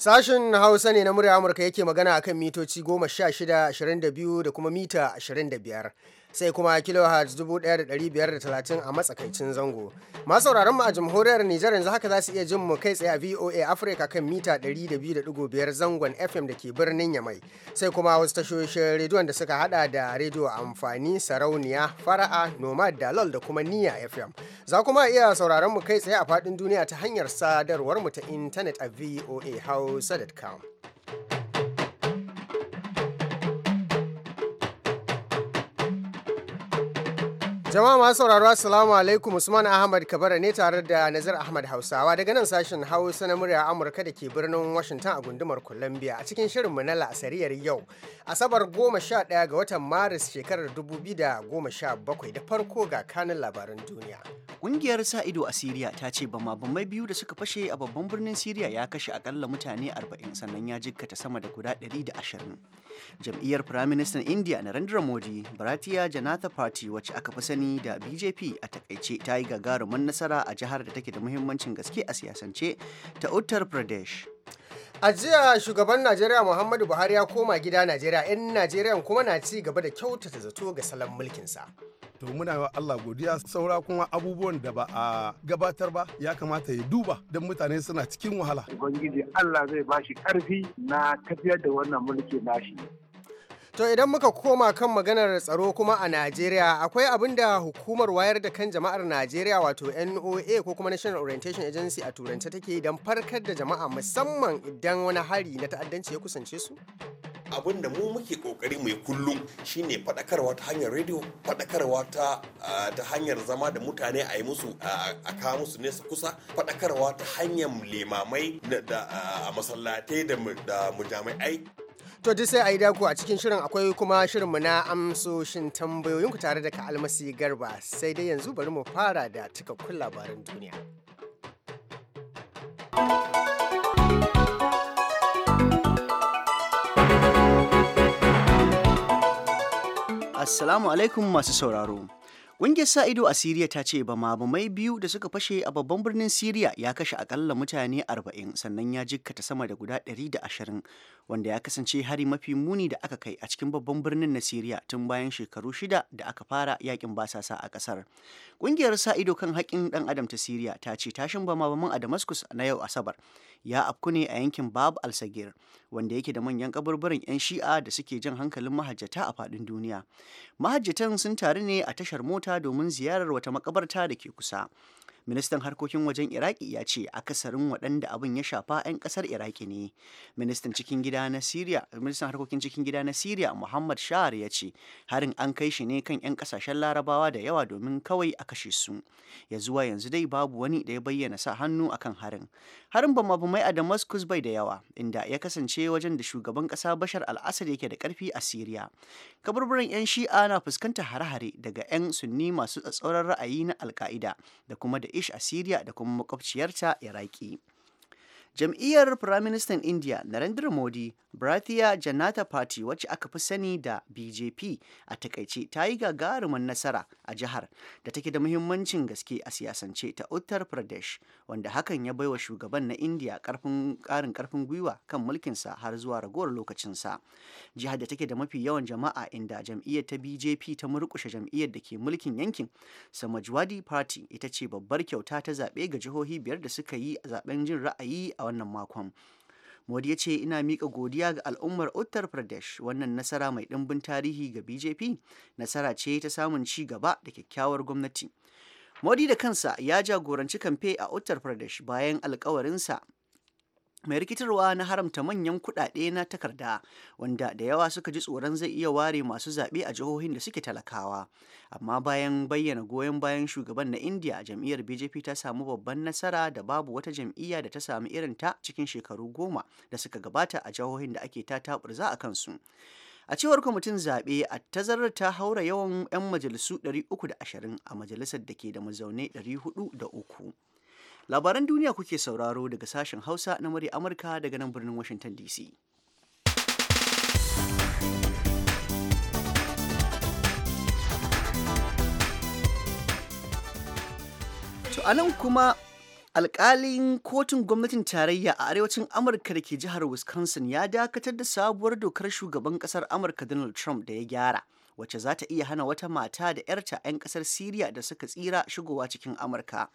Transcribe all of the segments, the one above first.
Sashen Hausa ne na murya Amurka yake magana akan mitoci goma sha 16, 22 da kuma mita 25. sai kuma kilohertz 1530 a matsakaicin zango masu sauraron mu a jamhuriyar Nijar yanzu haka za su iya jin mu kai tsaye a VOA Africa kan mita 102.5 zangon FM da ke birnin Yamai sai kuma wasu tashoshin rediyon da suka hada da rediyo amfani sarauniya fara'a nomad da dalol da kuma niya FM za kuma iya sauraron mu kai tsaye a faɗin duniya ta hanyar sadarwar mu ta intanet a voa voahausa.com Jama'a masu sauraro Assalamu alaikum Usman Ahmad Kabara ne tare da nazar Ahmad Hausawa daga nan sashen Hausa na murya Amurka da ke birnin Washington a gundumar Columbia a cikin shirin shirinmu na la'asariyar yau Asabar 11 ga watan Maris shekarar 2017 da farko ga kanin labaran duniya. Ƙungiyar sa ido a Siriya ta ce bama bambai biyu da suka fashe a babban birnin Siriya ya kashe akalla mutane 40 sannan ya jikkata sama da guda 120. jam'iyyar firaministan india narendra modi baratiya janata party wacce aka fi sani da bjp a takaice ta yi gagarumin nasara a jihar da take da muhimmancin gaske a siyasance ta uttar pradesh a jiya shugaban najeriya muhammadu buhari ya koma gida najeriya 'yan najeriya kuma na ci gaba da kyautata zato ga salon mulkinsa to muna wa Allah godiya saura kuma abubuwan da ba a gabatar ba ya kamata ya duba don mutane suna cikin wahala ubangiji Allah zai ba shi karfi na tafiyar da wannan mulki nashi To idan muka koma kan maganar tsaro kuma a Najeriya akwai abin da hukumar wayar da kan jama'ar Najeriya wato NOA ko kuma National Orientation Agency a turance take don farkar da jama'a musamman idan wani hari na ta'addanci ya kusance su? abin da mu muke kokari mai kullum shine fadakarwa ta hanyar rediyo fadakarwa ta ta hanyar zama da mutane a yi musu a kawo musu nesa kusa fadakarwa ta hanyar limamai a masallatai da mujami'ai To duk sai a yi dako a cikin shirin akwai kuma shirin mu na amsoshin tambayoyinku tare da almasi garba sai dai yanzu bari mu fara da cikakkun labaran duniya. Assalamu alaikum masu sauraro. Ƙungiyar sa ido a Siriya ta ce bamabamai biyu da suka fashe a babban birnin Siriya ya kashe akalla mutane 40 sannan ya jikkata sama da guda 120 wanda ya kasance hari mafi muni da aka kai a cikin babban birnin na Siriya tun bayan shekaru shida da aka fara yakin basasa a ƙasar. Ƙungiyar sa ido kan haƙƙin ɗan adam ta Siriya ta ce tashin bamabaman a Damascus na yau Asabar ya afku ne a yankin Bab al-Sagir wanda yake da manyan kaburburan 'yan Shi'a da suke jan hankalin mahajjata a faɗin duniya. Mahajjatan sun taru ne a tashar mota domin ziyarar wata makabarta da ke kusa. ministan harkokin wajen iraki ya ce akasarin waɗanda abin ya shafa 'yan ƙasar iraki ne ministan cikin gida na siriya ministan harkokin cikin gida na siriya muhammad shahar ya ce harin an kai shi ne kan 'yan ƙasashen larabawa da yawa domin kawai a kashe su ya zuwa yanzu dai babu wani da ya bayyana sa hannu akan harin harin ba mai a damascus bai da yawa inda ya kasance wajen da shugaban ƙasa bashar al-assad yake da ƙarfi a siriya kaburburan 'yan shi'a na fuskantar hare-hare daga 'yan sunni masu tsatsauran ra'ayi na alka'ida da kuma da da'ish a Siriya da kuma makwabciyarta Iraki. Jam'iyyar Firaministan indiya Narendra Modi, Bharatiya Janata Party wacce aka fi sani da BJP a takaice ta yi gagarumin nasara a jihar da take da muhimmancin gaske a siyasance ta Uttar Pradesh wanda hakan ya baiwa shugaban na indiya karfin karin karfin gwiwa kan mulkinsa har zuwa ragowar lokacinsa. Jihar da take da mafi yawan jama'a inda jam'iyyar ta BJP ta murkushe jam'iyyar da ke mulkin yankin Samajwadi Party ita ce babbar kyauta ta zaɓe ga jihohi biyar da suka yi zaɓen jin ra'ayi a wannan makon. Modi ya ce ina miƙa godiya ga al'ummar Uttar Pradesh wannan nasara mai ɗimbin tarihi ga BJP nasara ce ta samun ci gaba da kyakkyawar gwamnati. Modi da kansa ya jagoranci kamfe a Uttar Pradesh bayan alkawarinsa mai rikitarwa na haramta manyan kuɗaɗe na takarda wanda da yawa suka ji tsoron zai iya ware masu zaɓe a jihohin da suke talakawa amma bayan bayyana goyon bayan shugaban na india jam'iyyar bjp ta samu babban nasara da babu wata jam'iyya da ta samu ta cikin shekaru goma da suka gabata a jihohin da ake ta taɓurza a kansu a cewar kwamitin zaɓe a tazarar ta haura yawan 'yan majalisu 320 a majalisar da ke da mazaune 403 Labaran duniya kuke sauraro daga sashen Hausa na murya Amurka daga nan birnin Washington DC. To anan kuma alƙalin kotun gwamnatin tarayya a arewacin amurka da ke jihar wisconsin ya dakatar da sabuwar dokar shugaban kasar amurka donald trump da ya gyara wacce za ta iya hana wata mata da 'yarta 'yan kasar syria da suka tsira shigowa cikin amurka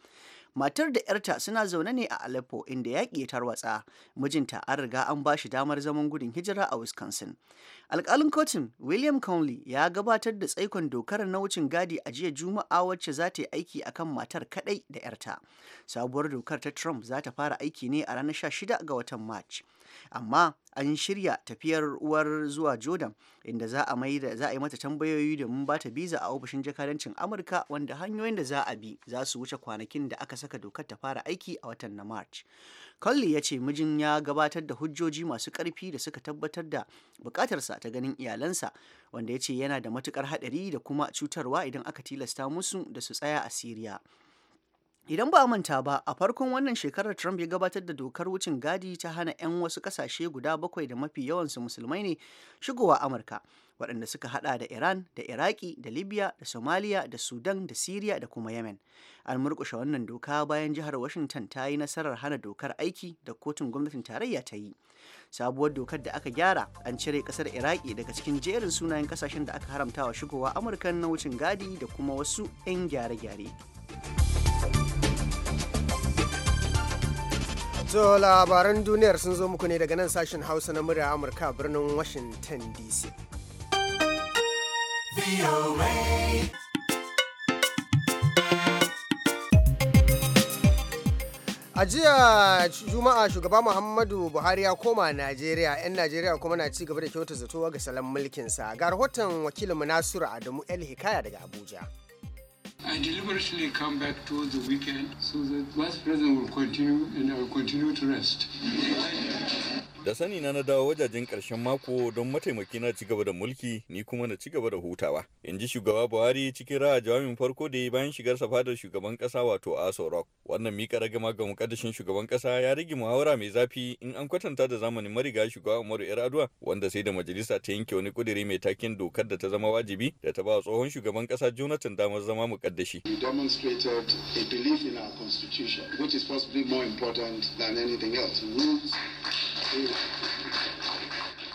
matar da 'yarta suna zaune ne a Aleppo inda yaƙi ya tarwatsa mijinta an riga an ba shi damar zaman gudun hijira a Wisconsin alƙalin kotun William Conley ya gabatar da tsaikon dokar na wucin gadi a jiya Juma'a wacce za ta yi aiki akan matar kaɗai da 'yarta sabuwar dokar ta Trump za ta fara aiki ne a ranar 16 ga watan March amma an shirya tafiyar uwar zuwa jordan inda za a yi mata tambayoyi domin ba ta biza a ofishin jakadancin amurka wanda hanyoyin da za a bi za su wuce kwanakin da aka saka dokar ta fara aiki a watan na march Conley ya ce mijin ya gabatar da hujjoji masu ƙarfi da suka tabbatar da bukatarsa ta ganin iyalansa wanda ya ce yana da matukar haɗari da kuma cutarwa idan aka tilasta musu da su tsaya a Siriya. Idan ba a manta ba, a farkon wannan shekarar Trump ya gabatar da dokar wucin gadi ta hana 'yan wasu kasashe guda bakwai da mafi yawansu musulmai ne shigowa Amurka, waɗanda suka hada da Iran, da Iraki, da Libya, da Somalia, da Sudan, da Siriya, da kuma Yemen. An murkushe wannan doka bayan jihar Washington ta yi nasarar hana dokar aiki da kotun gwamnatin tarayya ta yi. Sabuwar dokar da aka gyara an cire ƙasar Iraki daga cikin jerin sunayen kasashen da aka haramtawa shigowa Amurka na wucin gadi da kuma wasu 'yan gyare-gyare. To labaran duniyar sun zo muku ne daga nan sashen Hausa na murya Amurka birnin Washington DC. A jiya Juma'a shugaba Muhammadu Buhari ya koma Najeriya, 'yan Najeriya kuma na cigaba da kyauta zato ga salon mulkinsa. Ga rahoton wakilinmu Nasiru Adamu El Hikaya daga Abuja. I deliberately come back towards the weekend so that vice president will continue and I will continue to rest. da sani na na dawo wajajen karshen mako don mataimaki na cigaba da mulki ni kuma na cigaba da hutawa in ji shugaba buhari cikin ra'a jawabin farko da ya bayan shigar fadar shugaban kasa wato aso rock wannan mika ragama ga mukaddashin shugaban kasa ya rage muhawara mai zafi in an kwatanta da zamanin mariga shugaba umaru yar'adua wanda sai da majalisa ta yanke wani kudiri mai takin dokar da ta zama wajibi da ta ba tsohon shugaban kasa jonathan damar zama mukaddashi which is possibly more important 嗯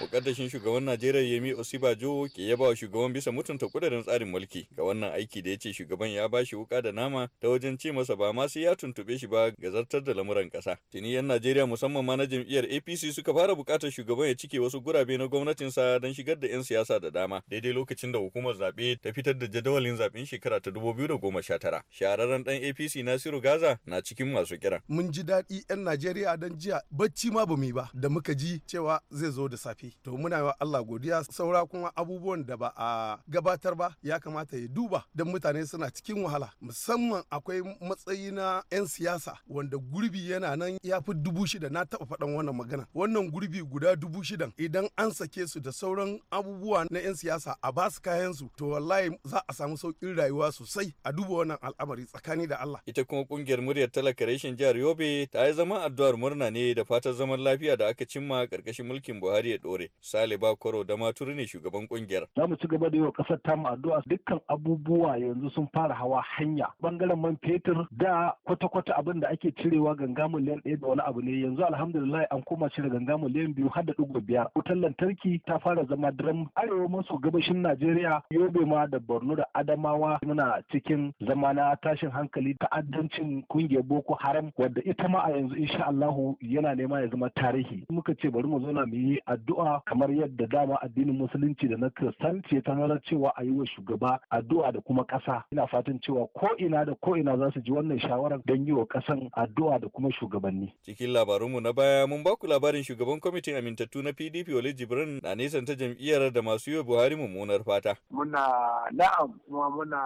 mukaddashin shugaban najeriya yemi osibajo ke yaba wa shugaban bisa mutunta kudaden tsarin mulki ga wannan aiki da ya ce shugaban ya bashi wuka da nama ta wajen ce masa ba ma sai ya tuntube shi ba ga zartar da lamuran kasa tuni yan najeriya musamman ma na jam'iyyar apc suka fara bukatar shugaban ya cike wasu gurabe na gwamnatinsa don shigar da yan siyasa da dama daidai lokacin da hukumar zaɓe ta fitar da jadawalin zaɓen shekara ta tara shahararren dan apc nasiru gaza na cikin masu kira mun ji daɗi yan najeriya dan jiya bacci ma bamu yi ba da muka ji cewa zai zo da safe to muna wa Allah godiya saura kuma abubuwan da ba a gabatar ba ya kamata ya duba don mutane suna cikin wahala musamman akwai matsayi na 'yan siyasa wanda gurbi yana nan ya fi dubu shida na taɓa faɗan wannan magana wannan gurbi guda dubu shidan idan an sake su da sauran abubuwa na 'yan siyasa a ba su kayan su to wallahi za a samu sauƙin rayuwa sosai a duba wannan al'amari tsakani da Allah ita kuma kungiyar muryar talaka reshen jihar Yobe ta yi zama addu'ar murna ne da fatan zaman lafiya da aka cimma ƙarƙashin mulkin Buhari ya dore. Bakore. Sale Bakoro da maturi ne shugaban kungiyar. Za mu ci gaba da yi wa kasar mu addu'a dukkan abubuwa yanzu sun fara hawa hanya. Bangaren man fetur da kwata-kwata abin da ake cirewa ganga miliyan ɗaya da wani abu ne yanzu alhamdulillah an koma cire ganga miliyan biyu har da ɗigo biyar. Wutar lantarki ta fara zama dram arewa maso gabashin Najeriya Yobe ma da Borno da Adamawa muna cikin zama na tashin hankali ta'addancin kungiyar Boko Haram wadda ita ma a yanzu insha Allahu yana nema ya zama tarihi. Muka ce bari mu zauna mu yi addu'a addu'a kamar yadda dama addinin musulunci da na kiristanci ya tanar cewa a yi wa shugaba addu'a da kuma ƙasa ina fatan cewa ko ina da ko ina za su ji wannan shawarar don yi wa ƙasan addu'a da kuma shugabanni cikin labarunmu na baya mun baku labarin shugaban kwamitin amintattu na PDP Wale Jibrin na nisan ta jam'iyyar da masu yi Buhari mummunar fata muna na'am kuma muna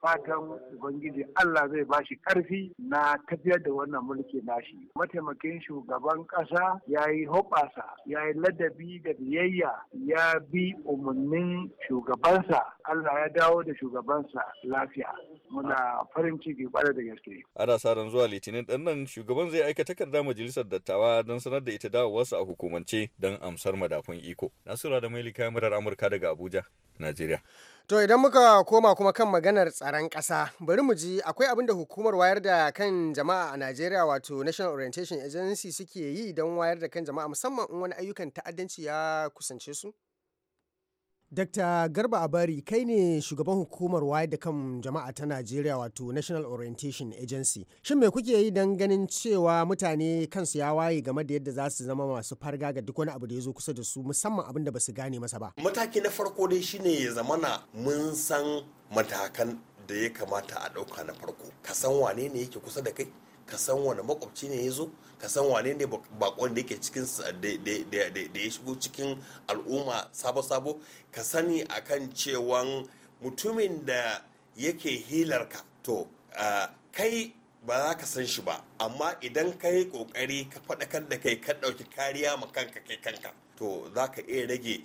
fatan ubangiji Allah zai bashi karfi na tafiyar da wannan mulki nashi mataimakin shugaban ƙasa ya yi hoɓasa ya yi ladabi da biyayya ya bi umarnin shugabansa Allah ya dawo da shugabansa lafiya muna farin ciki kwarai da gaske. Ana sa ran zuwa litinin ɗan nan shugaban zai aika takarda majalisar dattawa don sanar da ita dawowarsa a hukumance don amsar madafun iko. Nasura da mai murar Amurka daga Abuja, Najeriya. To idan muka koma kuma kan maganar tsaron ƙasa, bari mu ji akwai abin da hukumar wayar da kan jama'a a Najeriya wato National Orientation Agency suke yi don wayar da kan jama'a musamman in wani ayyukan ta'addanci ya kusance su? Dr. Garba Abari kai ne shugaban hukumar wayar da kan jama'a ta Najeriya wato National Orientation Agency. Shin me kuke yi don ganin cewa mutane kansu ya waye game da yadda za su zama masu farga ga duk wani abu da ya zo kusa da su musamman abin da ba su gane masa ba? Mataki na farko dai shine ya zamana mun san matakan da ya kamata a ɗauka na farko. Ka san wane ne yake kusa da kai? ka san wani makwabci ne ya zo ka san wane ne bakon da yake cikin da ya shigo cikin al'umma sabo-sabo ka sani akan cewan mutumin da yake hilarka to kai ba za ka san shi ba amma idan ka yi kokari ka faɗakar da kai ka ɗauki kariya ma kanka kai kanka to za ka iya rage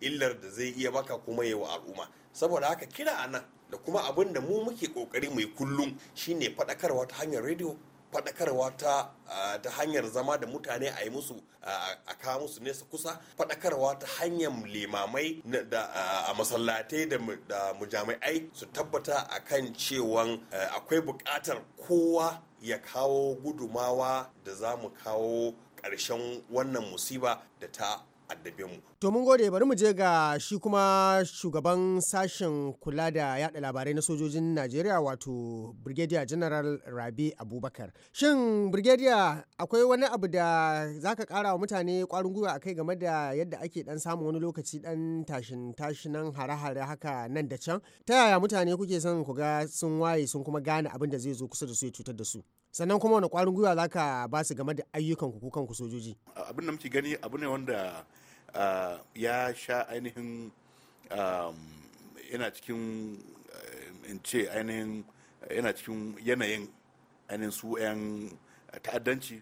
illar da zai iya maka kuma yi wa al'umma saboda haka kira a nan da kuma abin da mu muke kokari mai kullum shine faɗakarwa ta hanyar rediyo faɗakarwa ta ta hanyar zama da mutane a yi musu a kawo musu nesa kusa faɗakarwa ta hanyar limamai a masallatai da mujami'ai su tabbata a kan cewan akwai buƙatar kowa ya kawo gudumawa da za mu kawo ƙarshen wannan musiba da ta addabe mu To mun gode bari mu je ga shi kuma shugaban sashen kula da yada labarai na sojojin Najeriya wato Brigadier General Rabi Abubakar. Shin Brigadier akwai wani abu da za ka kara wa mutane kwarin gwiwa akai game da yadda ake dan samun wani lokaci dan tashin tashinan hare-hare haka nan da can? Ta yaya mutane kuke son ku ga sun waye sun kuma gane abin da zai zo kusa da su ya cutar da su? Sannan kuma wani kwarin gwiwa za ba su game da ayyukan ku kukan ku sojoji? Abin da muke gani abu ne wanda Uh, ya sha ainihin yana um, cikin eh, in ce ainihin yana cikin yanayin ainihin su 'yan ta'addanci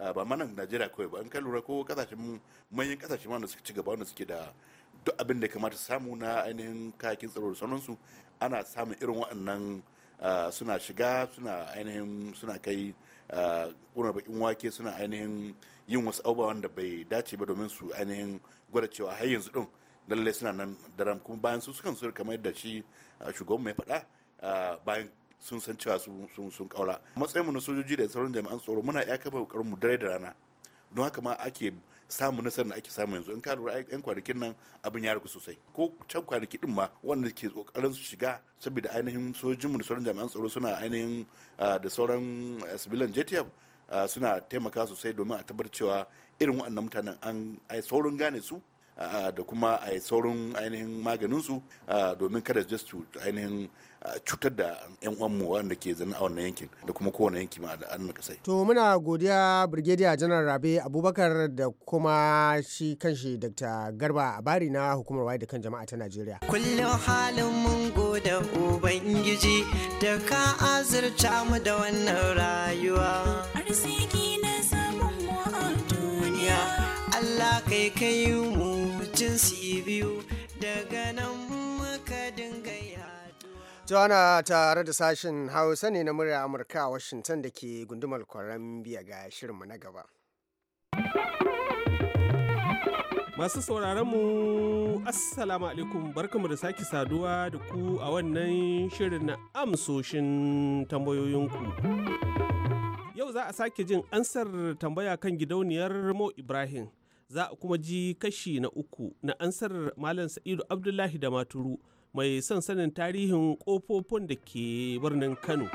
uh, ba manan najeriya kawai ba in ka lura ko kasashen manyan kasashe ma suka ci gaba wanda suke da duk abin da kamata samu na ainihin kayakin tsaro da sauransu ana samun irin waɗannan Ah, suna shiga suna ainihin suna kai kuna ah, bakin wake suna ainihin yin wasu abubuwa wanda bai dace ba domin su ainihin gwada cewa har yanzu din lallai suna nan daram kuma bayan su sukan sura kamar yadda shi ah, shugaban mai faɗa bayan sun san cewa sun kaura matsayin mu na sojoji da sauran jami'an tsaro muna iya kafa kokarin mu dare da rana don haka ma ake Samun nasarar da ake samu yanzu in ka lura yan kwanakin nan abin ya ragu sosai ko can kwanaki din ma wanda ke kokarin su shiga saboda ainihin sojojinmu da sauran jami'an tsaro suna ainihin da sauran sibilan JTF suna taimaka sosai domin a tabbatar cewa irin waɗannan mutanen an ai saurin gane su da kuma a saurin ainihin maganin su domin kada just to ainihin cutar da yan uwanmu wanda ke zana a wannan yankin da kuma kowane yanki ma da an kasai to muna godiya brigadier general rabe abubakar da kuma shi kanshi dr garba abari na hukumar wayar da kan jama'a ta najeriya kullum halin mun goda ubangiji da ka azurta mu da wannan rayuwa arziki na samun mu a duniya allah kai kai mu jinsi biyu daga nan To tare da sashen Hausa ne na murya Amurka a Washington da ke gundumar Columbia ga shirinmu na gaba. Masu sauraron mu Assalamu alaikum barkamu da sake saduwa da ku a wannan shirin na amsoshin tambayoyinku. Yau za a sake jin ansar tambaya kan gidauniyar Mo Ibrahim. Za a kuma ji kashi na uku na ansar Malam Sa'idu Abdullahi da Maturu. mai son sanin tarihin kofofin da ke birnin Kano.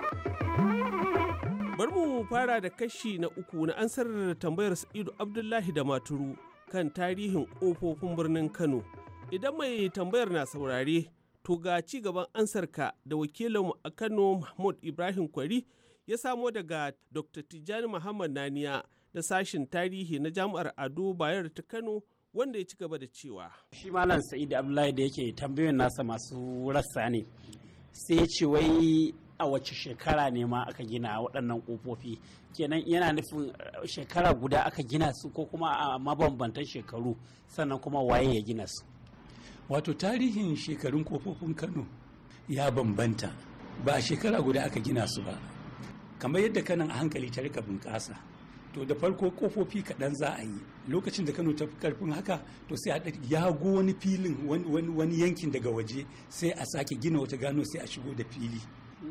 Bar mu fara da kashi na uku na ansar tambayar Sa'idu Abdullahi da Maturu kan tarihin kofofin birnin Kano. Idan mai tambayar na saurare, to ga ci gaban ansarka da wakilinmu a Kano Mahmud Ibrahim Kwari ya samo daga Dr. Tijjani Muhammad Naniya da sashin tarihi na Jami'ar Ado Bayar ta Kano wanda ya ci gaba da cewa shi malam sa'id abdullahi da yake tambayoyin nasa masu rassa ne sai ya ce wai a wace shekara ne ma aka gina waɗannan ƙofofi kenan yana nufin eh, shekara guda aka gina su ko kuma a ah, mabambantan shekaru sannan kuma waye ya gina su wato tarihin shekarun ƙofofin kano ya bambanta ba a shekara guda aka gina su ba kamar yadda kanan a hankali ta rika bunƙasa to da farko kofofi kaɗan za a yi lokacin da kano ta karfin haka to sai a yago wani filin wani yankin daga waje sai a sake gina wata gano sai a shigo da fili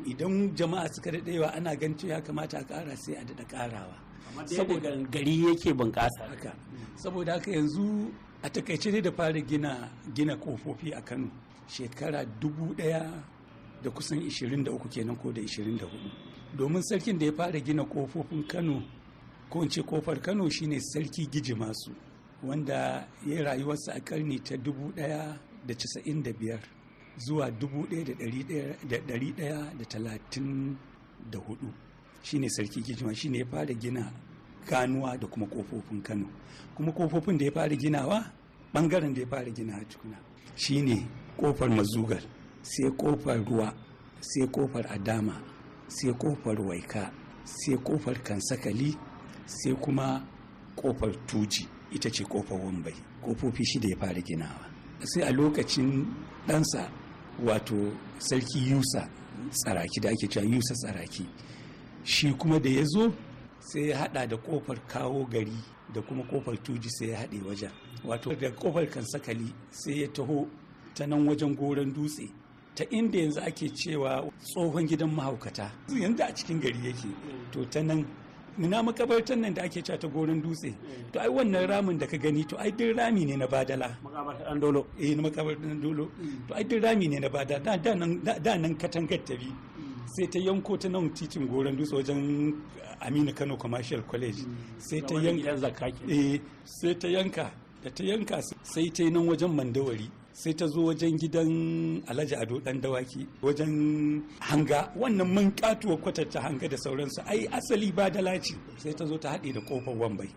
idan jama'a suka daɗewa ana gan ya kamata a ƙara sai a daɗa ƙarawa saboda gari yake bunƙasa haka saboda haka yanzu a takaice ne da fara gina gina kofofi a kano shekara dubu ɗaya da kusan 23 kenan ko da 24 domin sarkin da ya fara gina kofofin kano ko ce kofar kano shine sarki gijima su wanda ya yi rayuwarsa a karni ta 1095 zuwa 1134 shine sarki gijima shine ya fara gina ganuwa da kuma kofofin kano kuma kofofin da ya fara ginawa bangaren da ya fara gina tukuna shine kofar mazugar sai kofar ruwa sai kofar adama sai kofar waika sai kofar kansakali sai kuma kofar tuji ita ce kofar wambai kofofi shida ya fara ginawa sai a lokacin ɗansa wato sarki yusa tsaraki da ake cewa yusa tsaraki shi kuma da ya zo sai ya hada da kofar kawo gari da kuma kofar tuji sai ya haɗe wajen wato da kofar kansakali sai ya taho ta nan wajen goron dutse ta inda yanzu ake cewa tsohon gidan mahaukata yanzu a cikin gari yake to ta nan Muna makabartan nan da ake cewa ta gorin dutse to ai wannan ramin da ka gani to ai duk rami ne na badala makabartan dolo eh na makabartan dolo to ai duk rami ne na badala da nan da nan katangar ta bi sai ta yanko ta nan titin goron dutse wajen aminu kano commercial college sai ta yanka eh, sai ta yanka da ta yanka sai ta yi nan wajen mandawari sai ta zo wajen gidan alhaji ado dan dawaki wajen hanga wannan man katuwa kwatanta hanga da sauransu ai asali ba da laci sai ta zo ta haɗe da kofar wambai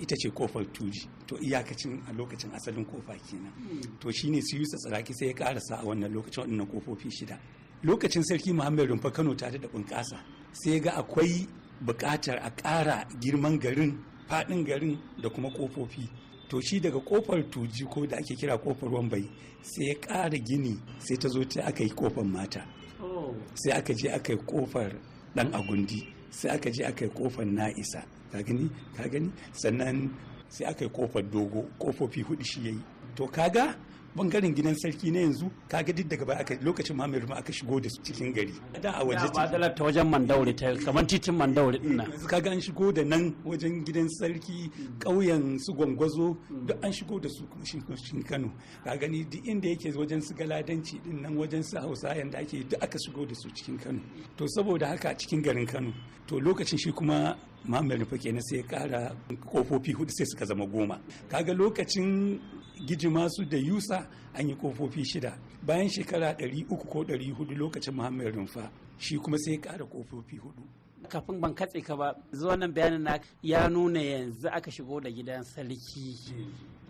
ita ce kofar tuji to iyakacin a lokacin asalin kofa kenan hmm. to shine su yusa tsaraki sai ya karasa a wannan lokacin wannan kofofi shida lokacin sarki muhammad rumfa kano ta da bunƙasa sai ga akwai buƙatar a ƙara girman garin faɗin garin da kuma kofofi to shi daga kofar tuji ko da ake kira kofar wambai sai ya ƙara gini sai ta zo ta aka yi kofar mata oh. sai aka je aka yi kofar dan agundi sai aka je aka yi kofar na'isa ka gani ka gani sannan sai aka yi kofar dogo kofofi hudu shi yayi to kaga bangaren gidan sarki na yanzu ka ga duk daga baya lokacin ma mai aka shigo da su cikin gari da a waje ta dalar ta wajen mandauri ta kamar titin mandauri din nan ga an shigo da nan wajen gidan sarki ƙauyen su gwangwazo duk an shigo da su cikin Kano ka gani duk inda yake wajen su galadanci din nan wajen su Hausa yanda ake duk aka shigo da su cikin Kano to saboda haka cikin garin Kano to lokacin shi kuma Muhammad Nufa kenan sai ya kara kofofi hudu sai suka zama goma kaga lokacin gijima su da yusa an yi kofofi shida bayan shekara 300 ko 400 lokacin muhammad rumfa shi kuma sai ya kara kofofi hudu kafin ban katse ka ba zuwa nan bayanin na ya nuna yanzu aka shigo da gidan sarki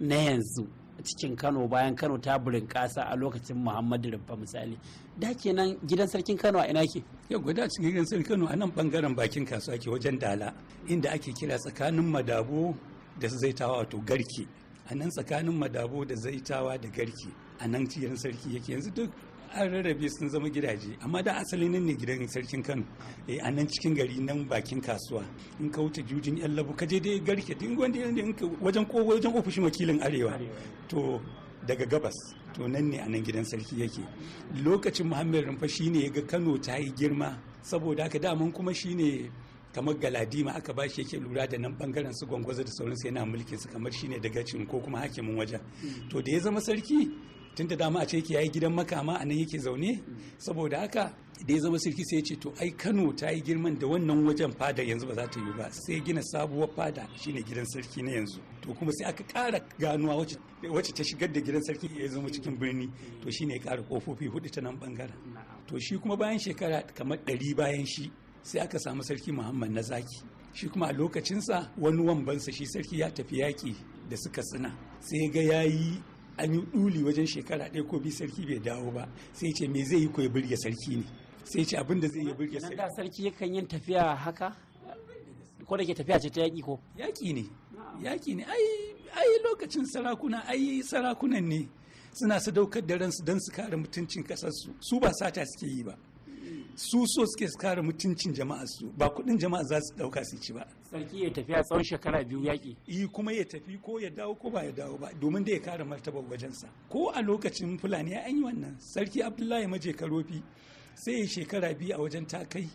na yanzu cikin kano bayan kano ta Kasa a lokacin muhammadu rumfa misali da kenan gidan sarkin kano a ina ke yau gwada cikin gidan sarkin kano a nan bangaren bakin kasuwa ke wajen dala inda ake kira tsakanin madabo da su tawa wato garki a nan tsakanin madabo da zaitawa da garki a nan cikin sarki yake yanzu duk an rarrabe sun zama gidaje amma da asali nan ne gidan sarkin kano eh, a nan cikin gari nan bakin kasuwa in ka wuce jujin yan labu ka je dai garke duk wanda wajen wajen ofishin wakilin arewa to daga gabas to nan ne a nan gidan sarki yake lokacin muhammadu rumfa shine ya ga kano ta yi girma saboda haka daman kuma shine kamar galadima aka ba shi yake lura da nan bangaren su gwangwaza da sauransu yana mulkin su kamar shine daga cin ko kuma hakimin wajen hmm. to da ya zama sarki tun da dama a ce yake yayi gidan makama a nan yake zaune hmm. saboda haka da ya zama sarki sai ya ce to ai Kano ta yi girman da wannan wajen fada yanzu ba za ta yi ba sai gina sabuwar fada shine gidan sarki na yanzu to kuma sai aka ƙara ganuwa wacce ta shigar da gidan sarki ya zama cikin birni to shine ya ƙara kofofi hudu ta nan bangaren to shi kuma bayan shekara kamar ɗari bayan shi sai aka samu sarki muhammad na zaki shi kuma a lokacinsa wani wambansa shi sarki ya tafi yaƙi da suka tsina sai ga ya yi an yi ɗuli wajen shekara ɗaya ko bi sarki bai dawo ba sai ce me zai yi ko ya burge sarki ne sai ce abin da zai yi burge sarki. da sarki yakan yin tafiya haka ko da ke tafiya ce ta yaƙi ko. yaƙi ne yaƙi ne ai lokacin sarakuna ai sarakunan ne suna sadaukar da ransu don su kare mutuncin kasarsu su ba sata suke yi ba su so suke su kare mutuncin jama'a su ba kuɗin jama'a za su ɗauka su ci ba sarki ya tafi a tsawon shekara biyu yaƙi yi e, kuma ya tafi ko ya dawo ko ba ya dawo ba domin da ya kare martabar wajensa ko a lokacin fulani ya yi wannan sarki abdullahi maje karofi sai ya shekara biyu a wajen takai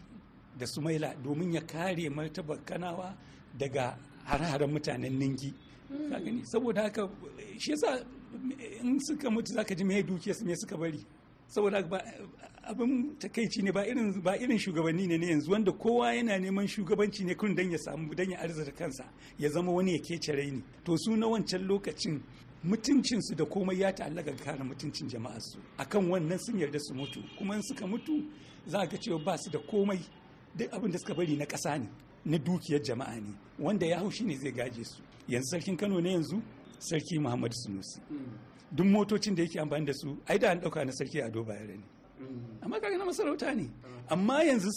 da sumaila domin ya kare martabar kanawa daga har-haren mutanen ningi saboda haka shi yasa in suka mutu zaka ji me duke su me suka bari saboda abin takaici ne ba irin shugabanni ne yanzu wanda kowa yana neman shugabanci ne kun dan ya samu dan ya arzika kansa ya zama wani ya kece raini to su na wancan lokacin mutuncinsu da komai ya ta'allaka ga kare mutuncin jama'arsu akan wannan sun yarda su mutu kuma in suka mutu za ga cewa ba su da komai duk abin da suka bari na ƙasa ne na dukiyar jama'a ne wanda ya haushi ne zai gaje su yanzu sarkin kano ne yanzu sarki muhammadu sunusi duk motocin da yake amfani da su ai da an dauka na sarki ado bayero ne amma kaga na masarauta ne amma yanzu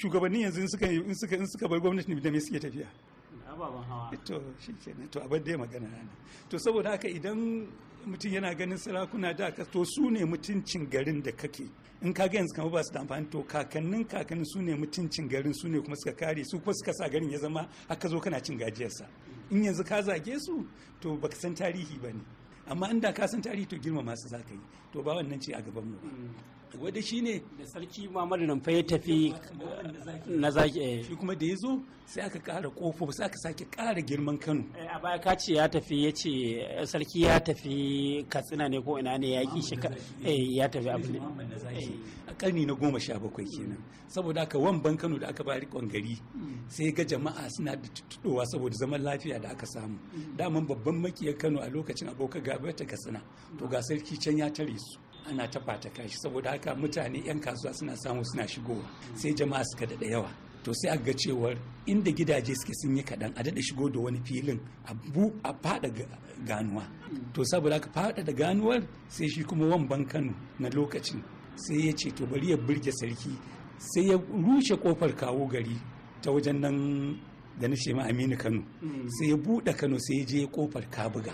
shugabanni yanzu in suka in suka in suka bar gwamnati da me suke tafiya ababen hawa to shikenan to abin da magana ne to saboda haka idan mutum yana ganin sarakuna da ka to su ne mutuncin garin da kake in ka ga yanzu kamar ba su da amfani to kakannin kakannin su ne mutuncin garin su ne kuma suka kare su kuma suka sa garin ya zama haka zo kana cin gajiyarsa in yanzu ka zage su to baka san tarihi ba ne amma inda ka san tarihi to girmama su za ka yi to ba wannan ce a gaban mu ba shi ne da sarki Muhammadu nan fa ya tafi na zaki eh. shi kuma da ya zo sai aka kara kofo sai aka sake kara girman Kano eh, a baya ka ya tafi ya ce eh, sarki ya tafi Katsina ne ko ina ne ya ki shi ya tafi abu ne a karni na goma sha bakwai kenan saboda wan wamban Kano da aka bari kwangari mm. sai ga jama'a suna da tuttuɗowa saboda zaman lafiya da aka samu mm. daman babban makiyar Kano a lokacin abokan gaba ta Katsina to ga sarki can ya tare su ana ta fata kashi saboda haka mutane 'yan kasuwa suna samu suna shigowa sai jama'a suka da yawa to sai ga cewar inda gidaje suke sun yi kaɗan a daɗa shigo da wani filin a faɗa ganuwa to saboda haka fada da ganuwar sai shi kuma wamban kano na lokacin sai ya ce to bari ya burge sarki sai ya rushe kofar kawo gari ta wajen nan da na shema aminu kano mm. sai ya buɗe kano sai ya je kofar kabuga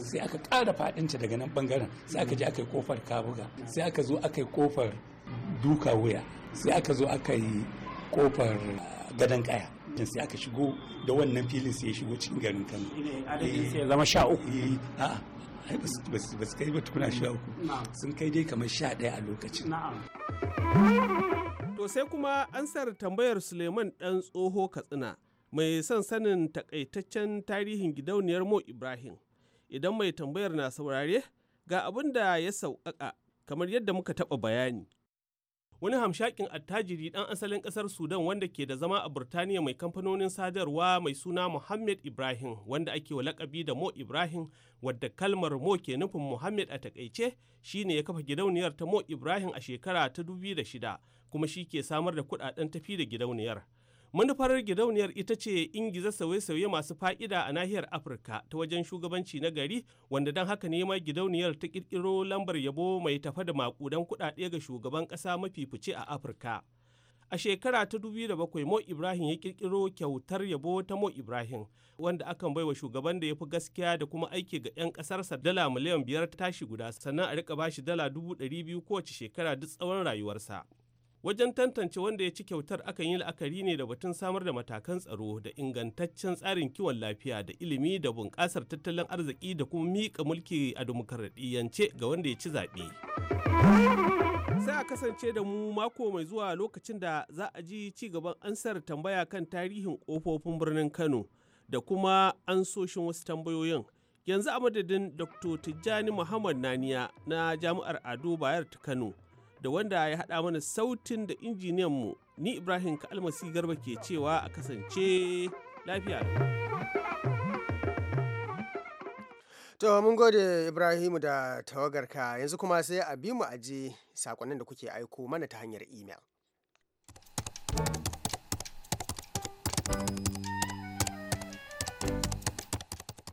sai aka ƙara faɗinta daga nan ɓangaren sai aka je aka yi kofar kabuga sai aka zo aka yi kofar duka wuya sai aka zo aka yi kofar ah, gadon kaya sai aka shigo da wannan filin sai ya shigo cikin garin kano eh, ya zama sha uku eh, a'a ba su kai ba tukuna sha uku sun kai dai kamar sha ɗaya a lokacin to sai kuma ansar tambayar suleiman ɗan tsoho katsina mai son sanin takaitaccen tarihin gidauniyar mo ibrahim idan mai tambayar na saurare ga abin da ya sauƙaƙa kamar yadda muka taɓa bayani. Wani hamshakin attajiri ɗan asalin ƙasar Sudan wanda ke da zama a Burtaniya mai kamfanonin sadarwa mai suna Mohammed Ibrahim wanda ake wa lakabi da Mo Ibrahim wadda kalmar Mo ke nufin Mohammed a takaice shine ya kafa gidauniyar ta Mo Ibrahim a shekara ta da shida kuma shi ke samar da kuɗaɗen tafi da gidauniyar. manufar gidauniyar ita ce ingiza sauye-sauye masu fa'ida a nahiyar afirka ta wajen shugabanci na gari wanda don haka ne ma gidauniyar ta kirkiro lambar yabo mai tafa da makudan kudade ga shugaban kasa mafi fice a afirka a shekara ta 2007 mo ibrahim ya kirkiro kyautar yabo ta mo ibrahim wanda akan baiwa shugaban da ya fi gaskiya da kuma aiki ga 'yan kasarsa dala miliyan biyar tashi guda sannan a rika bashi dala dubu ɗari biyu kowace shekara duk tsawon rayuwarsa wajen tantance wanda ya ci kyautar akan yi la'akari ne da batun samar da matakan tsaro da ingantaccen tsarin kiwon lafiya da ilimi da bunƙasar tattalin arziki da kuma miƙa mulki a dimokuraɗiyyance ga wanda ya ci zaɓe. sai a kasance da mu mako mai zuwa lokacin da za a ji ci gaban ansar tambaya kan tarihin ƙofofin birnin kano da kuma ansoshin wasu tambayoyin yanzu a madadin dr tijjani muhammad naniya na jami'ar ado bayar ta kano da wanda ya haɗa mana sautin da mu ni Ibrahim Kalmasi Garba ke cewa a kasance lafiya. To mun gode ibrahim da tawagarka yanzu kuma sai a bi mu aji sakonnin da kuke aiko mana ta hanyar imel.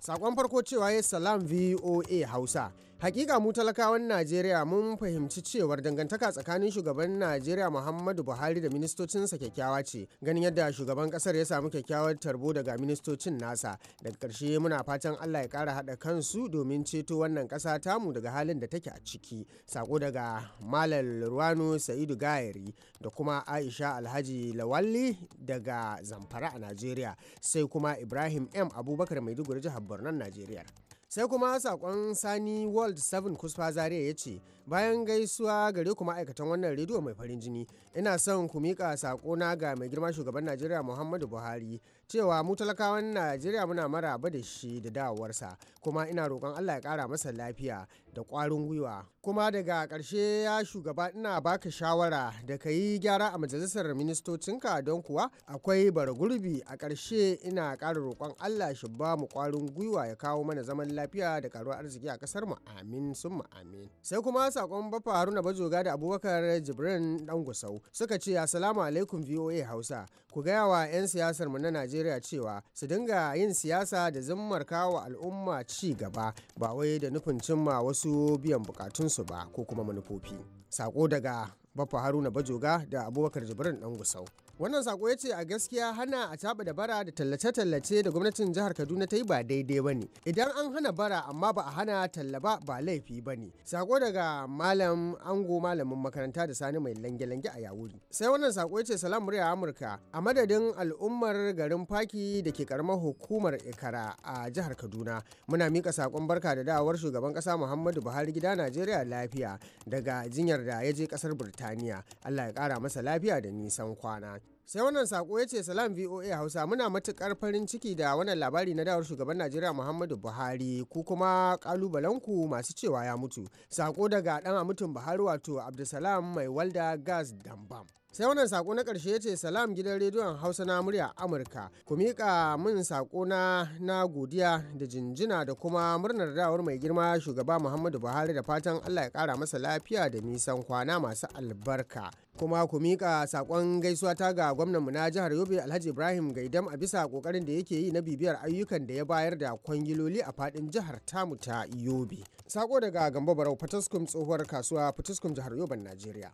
Sakon farko cewa ya salam VOA Hausa. Hakika mu talakawan Najeriya mun fahimci cewar dangantaka tsakanin shugaban Najeriya Muhammadu Buhari da ministocinsa kyakkyawa ce, ganin yadda shugaban kasar ya samu kyakkyawar tarbo daga ministocin nasa. Daga karshe muna fatan Allah ya kara haɗa kansu domin ceto wannan ƙasa tamu daga halin da take a ciki. Sako daga Malal Ruwanu Sa'idu Gayari da kuma Aisha Alhaji Lawalli daga Zamfara a Najeriya, sai kuma Ibrahim M Abubakar Maiduguri jihar Barnan Najeriya. Sai kuma sakon Sani World 7 Kusfa Zaria ya ce, bayan gaisuwa gare ku ma'aikatan wannan rediyo mai farin jini, ina son ku miƙa na ga mai girma shugaban Najeriya Muhammadu Buhari cewa mu talakawan Najeriya muna maraba da shi da dawowarsa, kuma ina roƙon Allah ya ƙara masa lafiya da kwarin gwiwa kuma daga ƙarshe ya shugaba ina baka shawara da ka yi gyara a majalisar ministocinka don kuwa akwai bara gurbi a ƙarshe ina ƙara roƙon allah shi ba mu ƙwarin gwiwa ya kawo mana zaman lafiya da karuwar arziki a ƙasar mu amin sun mu amin sai kuma sakon bafa haruna bajoga da abubakar jibrin dan gusau suka ce assalamu alaikum voa hausa ku gaya wa 'yan siyasar mu na najeriya cewa su dinga yin siyasa da zimmar kawo al'umma ci gaba ba wai da nufin cimma wasu su biyan bukatunsu ba ko kuma manufofi. Sako daga Baffa Haruna Bajoga da Abubakar Jibrin Ɗan Gusau. wannan sako ya ce a gaskiya hana a taba da bara da tallace-tallace da gwamnatin jihar kaduna ta yi ba daidai ba ne idan an hana bara amma ba a hana tallaba ba laifi ba ne sako daga malam ango malamin makaranta da sani mai lange-lange a yawuri sai wannan sako ya ce salam murya amurka a madadin al'ummar garin faki da ke karamar hukumar ikara a jihar kaduna muna mika sakon barka da da'awar shugaban kasa muhammadu buhari gida najeriya lafiya daga jinyar da ya je kasar birtaniya allah ya kara masa lafiya da nisan kwana sai wannan sako ya ce salam voa hausa muna matukar farin ciki da wannan labari na dawar shugaban najeriya muhammadu buhari ku kuma kalubalenku masu cewa ya mutu sako daga dan mutum buhari wato abdulsalam mai walda gas dambam sai wannan sako na karshe ya ce salam gidan rediyon hausa na murya amurka ku miƙa min sako na na godiya da jinjina da kuma murnar dawar mai girma shugaba muhammadu buhari da fatan allah ya ƙara masa lafiya da nisan kwana masu albarka kuma ku miƙa sakon gaisuwa ta ga gwamnanmu na jihar yobe alhaji ibrahim gaidam a bisa kokarin da yake yi na bibiyar ayyukan da ya bayar da kwangiloli a fadin jihar tamu ta yobe sako daga gambo barau fataskum tsohuwar kasuwa fataskum jihar Yobe najeriya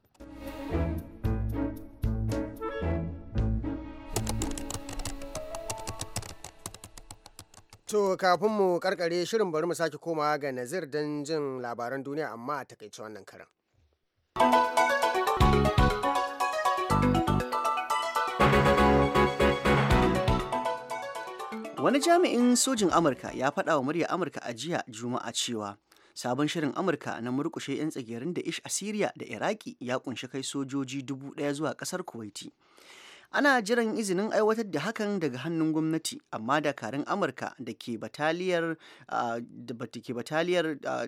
To kafin mu karkare shirin bari mu sake komawa ga Nazir don jin labaran duniya amma a takaice wannan karan. Wani jami'in sojin Amurka ya faɗa wa murya Amurka a jiya Juma'a cewa sabon shirin Amurka na murkushe 'yan tsagerin da ish a Siriya da Iraki ya kunshi kai sojoji dubu ɗaya zuwa ƙasar Kuwaiti. ana jiran izinin aiwatar da hakan daga hannun gwamnati amma dakarun amurka da ke bataliyar ah, ah,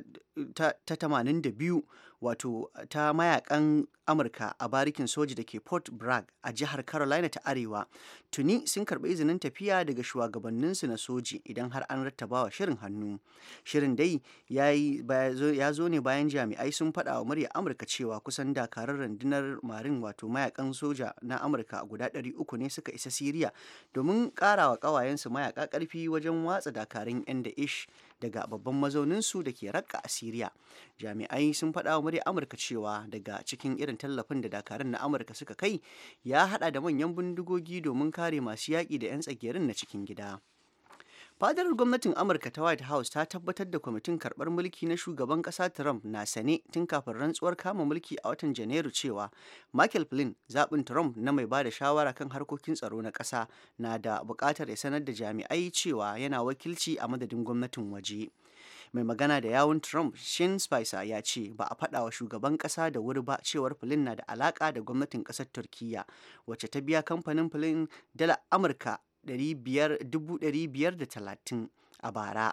ta 82 wato ta mayakan amurka a barikin soji da ke port bragg a jihar carolina ta arewa tuni sun karbi izinin tafiya daga shugabanninsu na soji idan har an rattabawa shirin hannu shirin dai ya zo ne bayan jami'ai sun faɗa wa murya amurka cewa kusan dakarar rundunar marin wato mayakan soja na amurka guda 300 ne suka isa siriya domin karawa wa ƙawayensu mayaka ƙarfi wajen watsa dakarun yan da ish daga babban mazauninsu da ke rakka a Siriya. Jami'ai sun faɗa wa murya Amurka cewa daga cikin irin tallafin da dakarun na Amurka suka kai ya haɗa da manyan bindigogi domin kare masu yaƙi da 'yan tsagerin na cikin gida. fadar gwamnatin amurka ta white house ta tabbatar da kwamitin karbar mulki na shugaban kasa trump na sane tun kafin rantsuwar kama mulki a watan janairu cewa michael flynn zaɓin trump na mai ba da shawara kan harkokin tsaro na ƙasa na da buƙatar ya sanar da jami'ai cewa yana wakilci a madadin gwamnatin waje mai magana da yawun trump shin spicer ya ce ba a faɗawa shugaban ƙasa da wuri ba cewar flynn na da alaƙa da gwamnatin ƙasar turkiyya wacce ta biya kamfanin flynn dala amurka 530 a bara.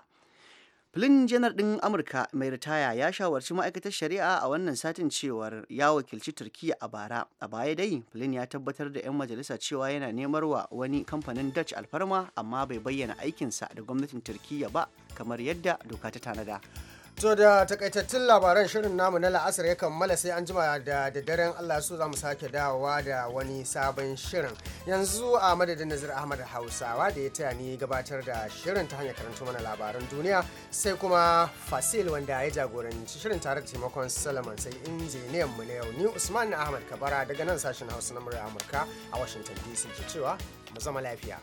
filin janar ɗin amurka mai ritaya ya shawarci ma'aikatar shari'a a wannan satin cewar ya wakilci turkiya a bara a baya dai filin ya tabbatar da 'yan majalisa cewa yana nemar wa wani kamfanin dutch alfarma amma bai bayyana aikinsa da gwamnatin turkiya ba kamar yadda doka ta tanada To da takaitattun labaran shirin namu na la'asar ya kammala sai an jima da daddaren Allah su za mu sake dawowa da wani sabon shirin. Yanzu a madadin Nazir Ahmad Hausawa da ya taya ni gabatar da shirin ta hanyar karanto mana labaran duniya sai kuma Fasil wanda ya jagoranci shirin tare da taimakon salaman sai injiniyan mu na yau ni Usman Ahmad Kabara daga nan sashen Hausa na Amurka a Washington DC ke cewa mu zama lafiya.